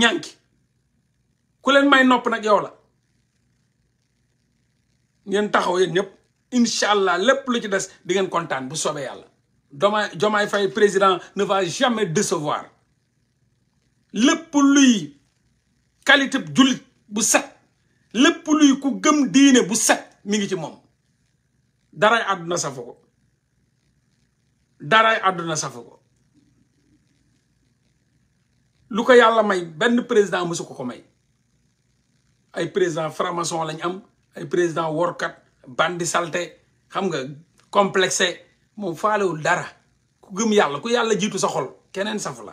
ñànki ku leen may nopp nag yow la ngeen taxaw yéen ñëpp incha allah lépp lu ci des di ngeen kontaan bu soobee yàlla Diomaye Diomaye fay président ne va jamais décevoir lépp luy qualité jullit bu set lépp luy ku gëm diine bu set mi ngi ci moom daray àdduna safu ko daray àdduna safu ko lu ko yàlla may benn président mësu ko ko may ay président franc-maçon lañ am ay président workat bandi salte xam nga complexé moom faalewul dara ku gëm yàlla ku yàlla jiitu sa xol keneen saf la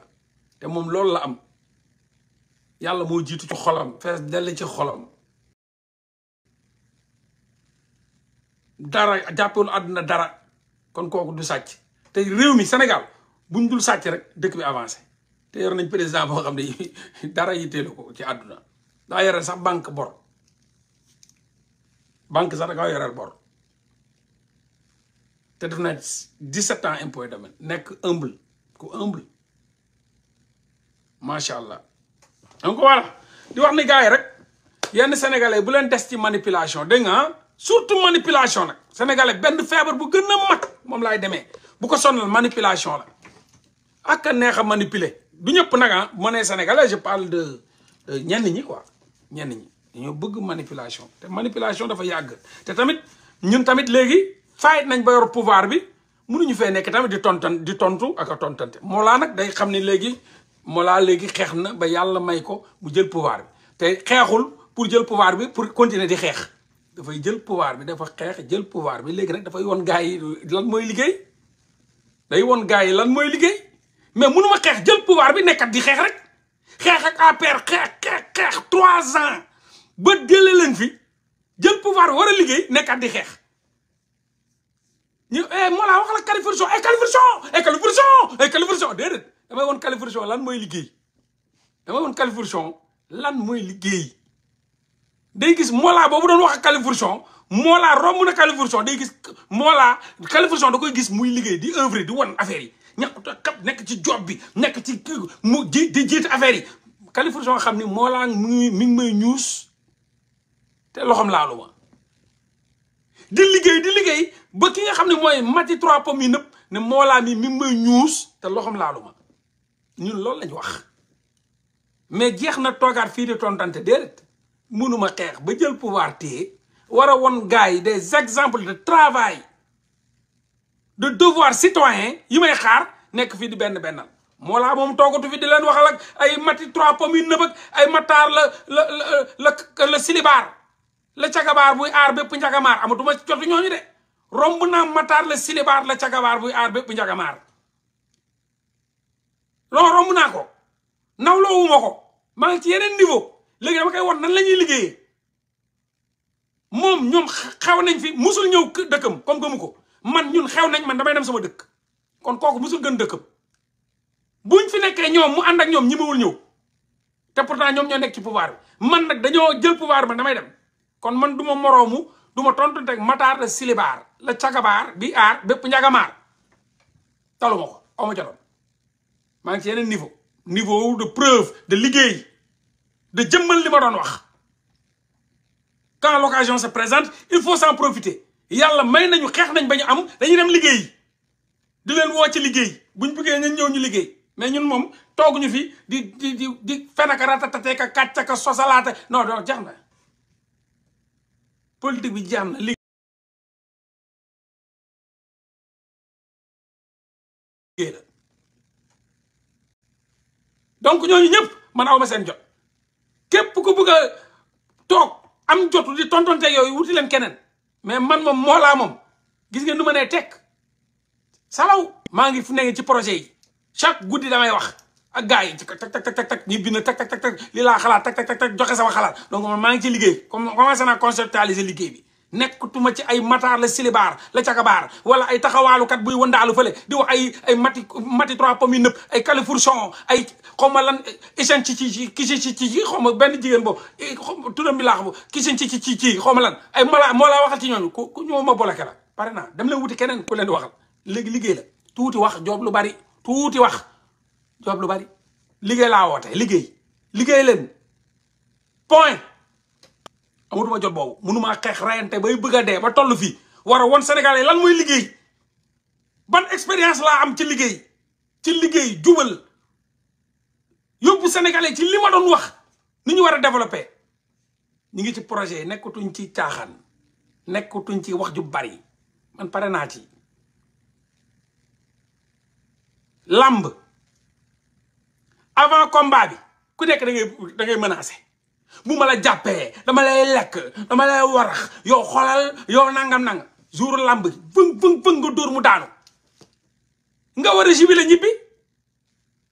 te moom loolu la am yàlla moo jiitu ci xolam fees dell ci xolam dara jàppewul àdduna dara kon kooku du sàcc te réew mi Sénégal buñ dul sàcc rek dëkk bi avancé te yor nañ président boo xam ne dara yitteelu ko ci àdduna daa yore sax banque bor banque sax da kaa yoreel bor te def na 17 ans impôt domaine nekk humble ku humble macha allah. donc voilà di wax ni gars yi rek yenn sénégalais bu leen des ci manipulation dégg nga surtout manipulation nag sénégalais benn feebar bu gën a mag moom laay demee bu ko sonal manipulation la ak neex a manipule du ñëpp nag ah ma ne sénégalais je parle de euh, ñenn ñi quoi ñenn ñi dañoo bëgg manipulation te manipulation dafa yàgg te tamit ñun tamit léegi faayit nañ ba yor pouvoir bi mënuñu fee nekk tamit di tontan di tontu ak a tontante moo laa nag day xam ne léegi moo laa léegi xeex na ba yàlla may ko mu jël pouvoir bi te xeexul pour jël pouvoir bi pour continuer di xeex dafay jël pouvoir bi dafa xeex jël pouvoir bi léegi nag dafay won gars yi lan mooy liggéey day won gars yi lan mooy liggéey mais mënuma xeex jël pouvoir bi nekkat di xeex rek xeex ak APR xeex xeex xeex trois ans ba jëlee leen fi jël pouvoir war a liggéey nekkat di xeex ñu eh, moo laa wax la califourchon ay califourchon ay califourchon ay lan mooy liggéey damay woon califourchon lan mooy liggéey day gis moolaa boobu doon wax ak califourchon moolaa romb na califourchon day gis moolaa califourchon da koy gis muy liggéey di œuvre di won affaire yi ñàkkut a kap nekk ci job bi nekk ci kii mu di jiite affaire yi Kaliphone soo xam ni Mawlang mi ngi mi may ñuus te loxoom laalu ma di liggéey di liggéey ba ki nga xam ne mooy mati trois pommes nëpp ne Mawlang mi mi ngi may ñuus te loxoom laalu ma ñun loolu lañu wax mais jeex na toogaat fii di tontante déedéet mënuma xeex ba jël pouvoir téye war a won gars yi des exemples de travail de devoir citoyen yi may xaar nekk fii di benn bennal moo laa moom toogatu fi di leen waxal ay mati trois pommes yu nëbëg ay mataar la la la la silibaar la cagabaar buy aar bépp njagamaar amatuma jotu ñooñu romb naa mataar la silibaar la cagabaar buy aar bépp njagamaar loolu romb naa ko nawloowuma ko maa ci yeneen niveau léegi dama koy won nan la ñuy liggéeyee moom ñoom xaw nañ fi musul ñëw dëkkam comme gëmu ko man ñun xew nañ man damay dem sama dëkk kon kooku musul gën dëkkam buñ fi nekkee ñoom mu ànd ak ñoom ñi mawul ñëw te pourtant ñoom ñoo nekk ci pouvoir man nag dañoo jël pouvoir bi damay dem kon man du ma moroomu du ma tontu rek mataar la silibaar la cagabaar bi aar bépp njagamaar talu ma ko aw ma ca maa ngi ci yeneen niveau niveau de preuve de liggéey da jëmmal li ma doon wax quand l'occasion se présente il faut s'en profiter yàlla may nañu xeex nañ ba ñu am dañuy dem liggéey du leen woo ci liggéey buñ buggee ñun ñëw ñu liggéey mais ñun moom tooguñu fi di di di di fenaka ratatateeka kàccaka sosalaate non non na politique bi jeex na liggéey ñooñu ñëpp man awma seen jot képp ku bëgg a toog am jotu di tontonte yooyu wuti leen keneen mais man moom moolaa moom gis ngeen du ma nee tek salaw maa ngi fu nekk ci projet yi chaque guddi damay wax a gars yi tak tak tak tak ñu bind tak tak tak li laa xalaat tak tak tak joxe sama donc man maa ngi ci liggéey comme commencé naa conceptualiser liggéey bi nekkatuma ci ay mataar la silibaar la cakabaar wala ay taxawaalukat buy wëndaalu fële di wax ay ay mati mati trois pommes nëpp ay califourchon ay xaw ma lan ichen ci ci ci kisin ci ci xaw ma benn jigéen boobu turam bi laax bu kisin ci ci ci ci xaw ma lan ay mala moo laa waxal ci ñooñu ku ku ñoo ma boloke la pare naa dem leen wuti keneen ku leen di waxal léegi liggéey la tuuti wax joob lu bari tuuti wax joob lu bari liggéey la woote liggéey liggéey leen amatuma jot boobu mënumaa xeex rayante bay bëgg a dee ba tollu fii war a won Sénégalais lan mooy liggéey ban expérience laa am ci liggéey ci liggéey jubal yóbbu Sénégalais ci li ma doon wax ni ñu war a développé ñu ngi ci projet yi nekkatuñ ci caaxaan nekkatuñ ci wax ju bari man pare naa ci làmb avant combat bi ku nekk da ngay da ngay menacé mu ma la jàppee dama lay lekk dama lay warax yow xolal yow nangam nangam jour làmb fëng fëng fëng nga dóor mu daanu nga war a jibile ñibbi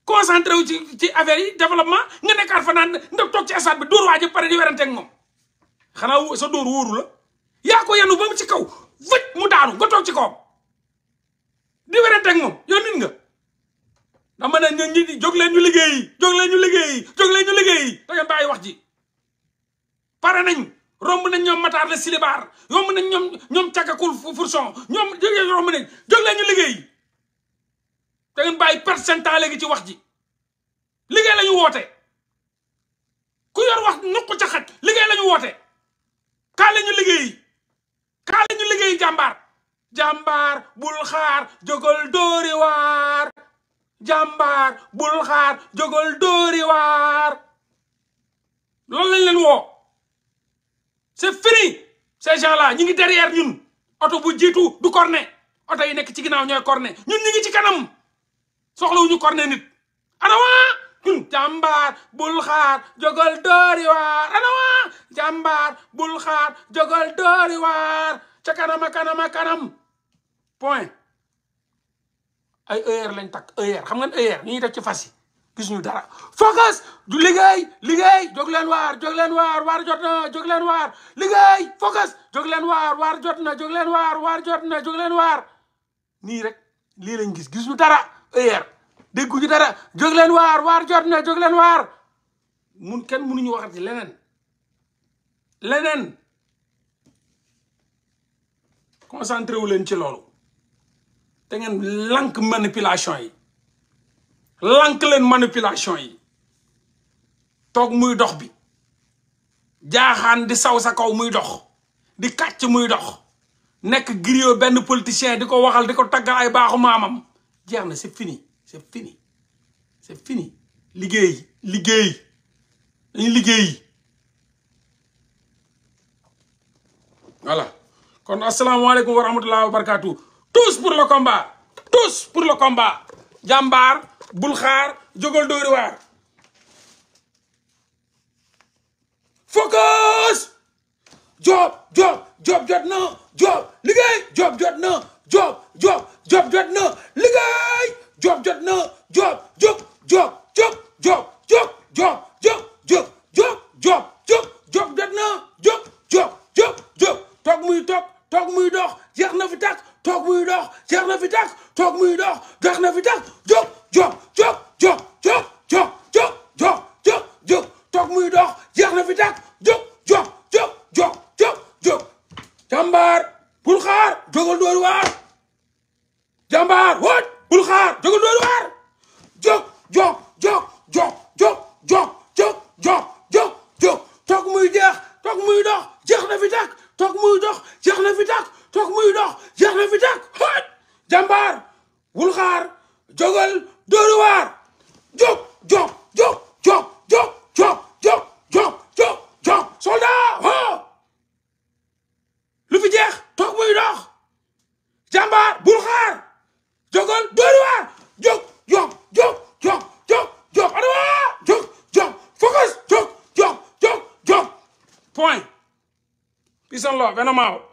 concentré wu ci ci affaire yi développement nga nekkaat fanaan naan nga toog ci stade bi dóor waa ji pare di werante ak moom xanaa sa dóor wóoru la yaa ko yenu ba mu ci kaw fëj mu daanu nga toog ci kawam di werante ak moom yow nit nga dama ne ñun ñi jóg leen ñu liggéeyi jóg ñu liggéeyi jóg leen ñu liggéeyi da bàyyi wax ji pare nañ romb nañ ñoom Matar la Silibaar romb nañ ñoom ñoom càkkakul Fourchon ñoom romb nañ jóg leen ñu liggéey da ngeen bàyyi perte seen temps léegi ci wax ji liggéey la ñu woote ku ca xaj liggéey la woote kaa la ñu liggéey kaa la ñu liggéey jàmbaar jàmbaar bul xaar jógal dóori waar jàmbaar bul xaar jógal dóori waar loolu lañ leen woo c'est fini ces gens-là ñu ngi derrière oto bu jiitu du cornet oto yi nekk ci ginnaaw ñooy cornet ñun ñu ngi ci kanam soxlawuñu cornet nit anawaa ñun jàmbaar bul xaar jogal doori waar anawaa jàmbaar bul xaar jogal doori waar kanam point ay heure lañ takk heure xam ngeen heure ñu ngi def ci fas yi gis ñu dara focus du liggéey liggéey jóg leen waar jóg leen waar waar jot na jóg leen waar liggéey focus jóg leen waar waar jot na jóg leen waar waar jot na jóg leen waar nii rek lii lañ gis gis ñu dara heure dégguñu dara jóg leen waar waar jot na jóg leen waar mun kenn mënuñu waxati leneen leneen concentré wu leen ci loolu te ngeen lank manipulation yi lànk leen manipulation yi toog muy dox bi jaaxaan di saw sa kaw muy dox di kàcc muy dox nekk griot benn politicien di ko waxal di ko taggal ay baaxu maamam jeex na c'est fini c'est fini c'est fini liggéey liggéey dañu liggéey voilà kon asalaamaaleykum wa rahmatulah wa barakaatu tous pour le combat tous pour le combat jàmbaar bul xaar jógal dóori waar focus job job job jot na job liggéey job jot na job job job jot na liggéey job jot na job job job job job job job job job job job job job jot na job job job job toog muy toog toog muy dox jeex na fi tàkk toog muy dox jeex na fi tàkk toog muy dox jeex na fi tàkk job jóg jóg jóg jóg jóg jóg jóg muy dox jeex na fi tàkk jóg jóg jóg jóg jóg jóg jàmbaar bul xaar jógal dóor waar jàmbaar wóot bul xaar jógal dóor waar point peace and love and I'm out